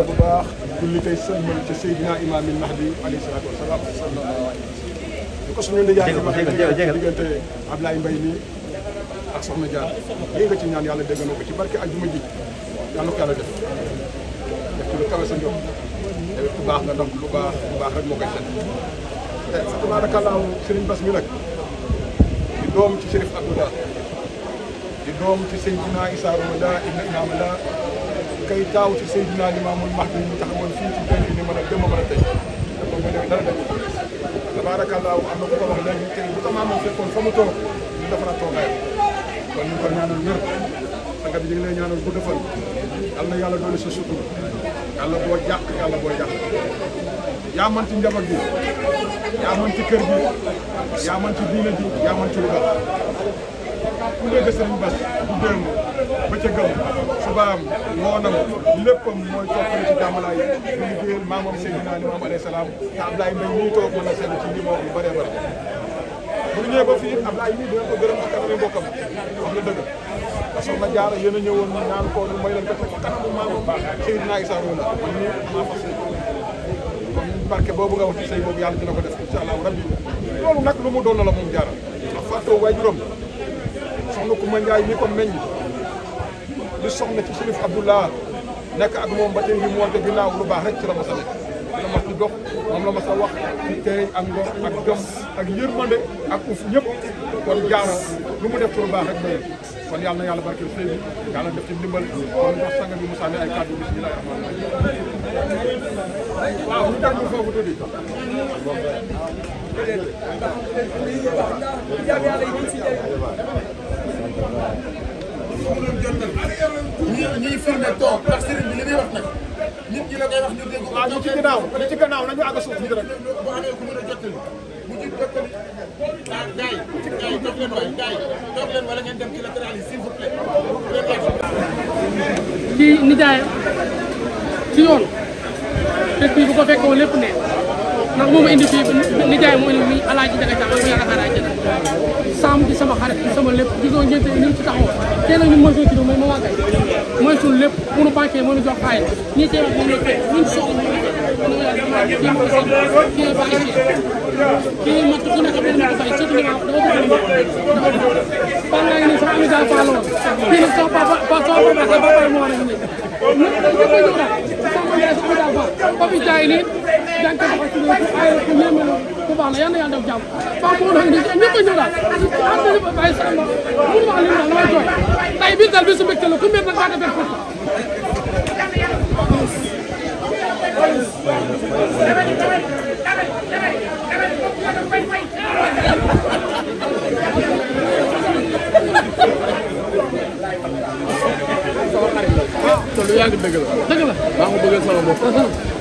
te bu baax julli tey sëlmal ca Seydina Imaamil Mahdi alayhi salaatu wa salaam sallallahu alayhi wa sallam. bu ko suñu nijaay ma xëy na diggante Ablaye Mbaye nii ak Soxna Dia lii nga ci ñaan yàlla dégg na ko ci barke ajuma ji yàlla ko yàlla def def ci lu kawe baax nga donc lu baax lu baax rek moo koy seet. te fa tabaarakallaahu Serigne Bass mi nag di doom ci Chérif Abdou Lahad di doom ci Seydina Issa Rouhou Lahi Imaam Lahi kay gaaw ci Seydina Limaamul Mahdi ñu taxawoon fii ci benn ni mën a jëmm mën a tey moom mooy def dara def tabaarakallaahu am na ku ko wax léegi tey bu ko maamam fekkoon fa mu toog ñu defaraat toogaayam kon ñu ko ñaanal wér sanga bi ñu ngi lay ñaanal bu defal yal na yàlla doole sa sutur yàlla boo jàq yàlla boo jàq yaa man ci njaboot bi yaa man ci kër gi yaa man ci diine ji yaa man ci lu baax ku dégg Sëriñ Bass bu démb ba ca gëm subaam ngoonam léppam mooy coppale ci jàmmalaay yi di liggéeyal maamam Seydina Limaam alayhi salaam te Ablaye Mbaye ñuy toog mën a seetlu ci lii moom lu bëree bëri bu ñëwee ba fii kanamu mbokkam wax na dëgg soxna Jaara yéen a ñëwoon ñu ñaan ko ñu may leen ko ci kanamu maamam Seydina Issa la man mii maa fas kon barke boobu nga wax ci sëy boobu yàlla dina ko def incha allahu rabbi loolu nag lu mu doon la moom Jaara ndax fàttoo waajuram soxna Kumba Njaay mi ko meññ li soxna ci Cherif Abdoulaye nekk ak moom ba tey li mu wante ginnaaw lu baax rek ci la ma sa nekk ci la ma ci dox moom la ma sa wax ci tey ak ngor ak jom ak yërmande ak uf ñëpp kon jaaro lu mu def pour baax rek doyal kon yàlla na yàlla barkeel sëy bi yàlla def ci ndimbal kon jox sanga bi Moussa ne ay kàddu bismillahi rahmaani rahim waaw ñu tàggu foofu tuuti yàlla yàlla yi ci ñuy firnde toog ndax sëriñ bi li muy wax nag nit ñi la koy wax ñu dégg ko. waaw ah, ñu ci gannaaw ñu ci gannaaw nañu àgg suuf rek. bu amee ku mën a jottali bu ñu jottali ah gars yi gars yi toog leen waay gars yi toog leen wala ngeen dem ci latéral yi s'il vous plaît. lii nijaay ci yoon. te fii bu ko fekkoon lépp ne. ndax moom indi fii nijaay moo indi muy alaaji Njaga Jaxate ak yàlla xaaraa jënd saam di sama xarit di sama lépp gisoo ñeente ni ñu ci taxawoo teel a ñun mooy suñu kii mooy ma waa kay mooy suñu lépp pour nu banque mënu jox xaalis ñi cee wax moom la fee luñ soxla ñu kii moo ko kii la bàyyi kii kii mat ku nekk xam ne ko fay surtout li ma wax dama bëgg dama bëgg fan laa ngi nii sama ami daal faa la woon kii nag sama papa sama papa sama papa moo war a ñëpp a ñëw daal aa bàyyi sa ma mun wax lim daal damay jooy tey bii daal bi su mbégte la ku mbir nag daa defee foofu ah, te lu yaa ngi dëgg la dëgg la maa ngi bëgg sama bopp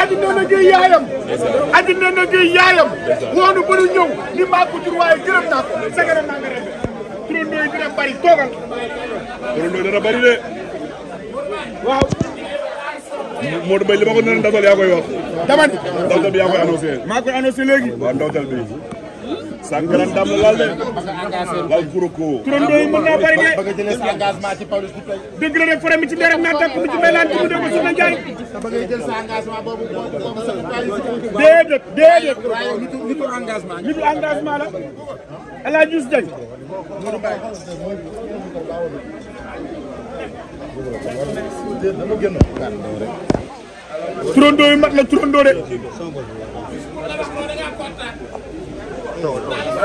addina na gi yaayam addina na gi yaayam woonu ba ñu ni maa ko jur waaye gërëm naa ko sagara naa bari toogal turandoo yi dana bari de waaw Modou Mbaye li ma ko na ndawtal yaa koy wax dama ni ndawtal bi yaa koy annoncé maa koy annoncé léegi sànqalaan dàmm a de. laal kuroko. turandoo yi mën naa bëri de. bëgg jëlee sa engagement ci Pawlish di tey. dëgg la rek faram ci deret naa mu dem ba Soxna Njaay. te bëgg jël sa engagement boobu boobu nitu nitu engagement. nitu la. El Hadj Youssou Diagne. turandoo yi mat de.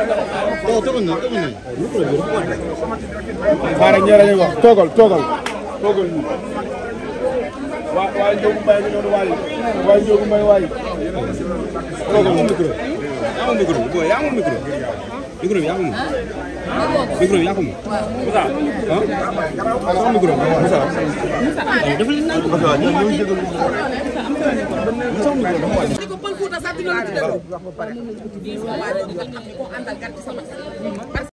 No, tengo no, tengo no. Para ñara ñego, togol, togol. Togol. Wa wa njogu mbay ñu do wal. Wa njogu mbay wal. Togol micro. Yamu micro, boy, yamu micro. Micro yamu. Micro yamu. Musa. Ha? Yamu micro. Musa. Musa. Defal nañ ko. Musa, ñu ñu jëgal. Musa am ko. Musa micro. dina la ci delloo.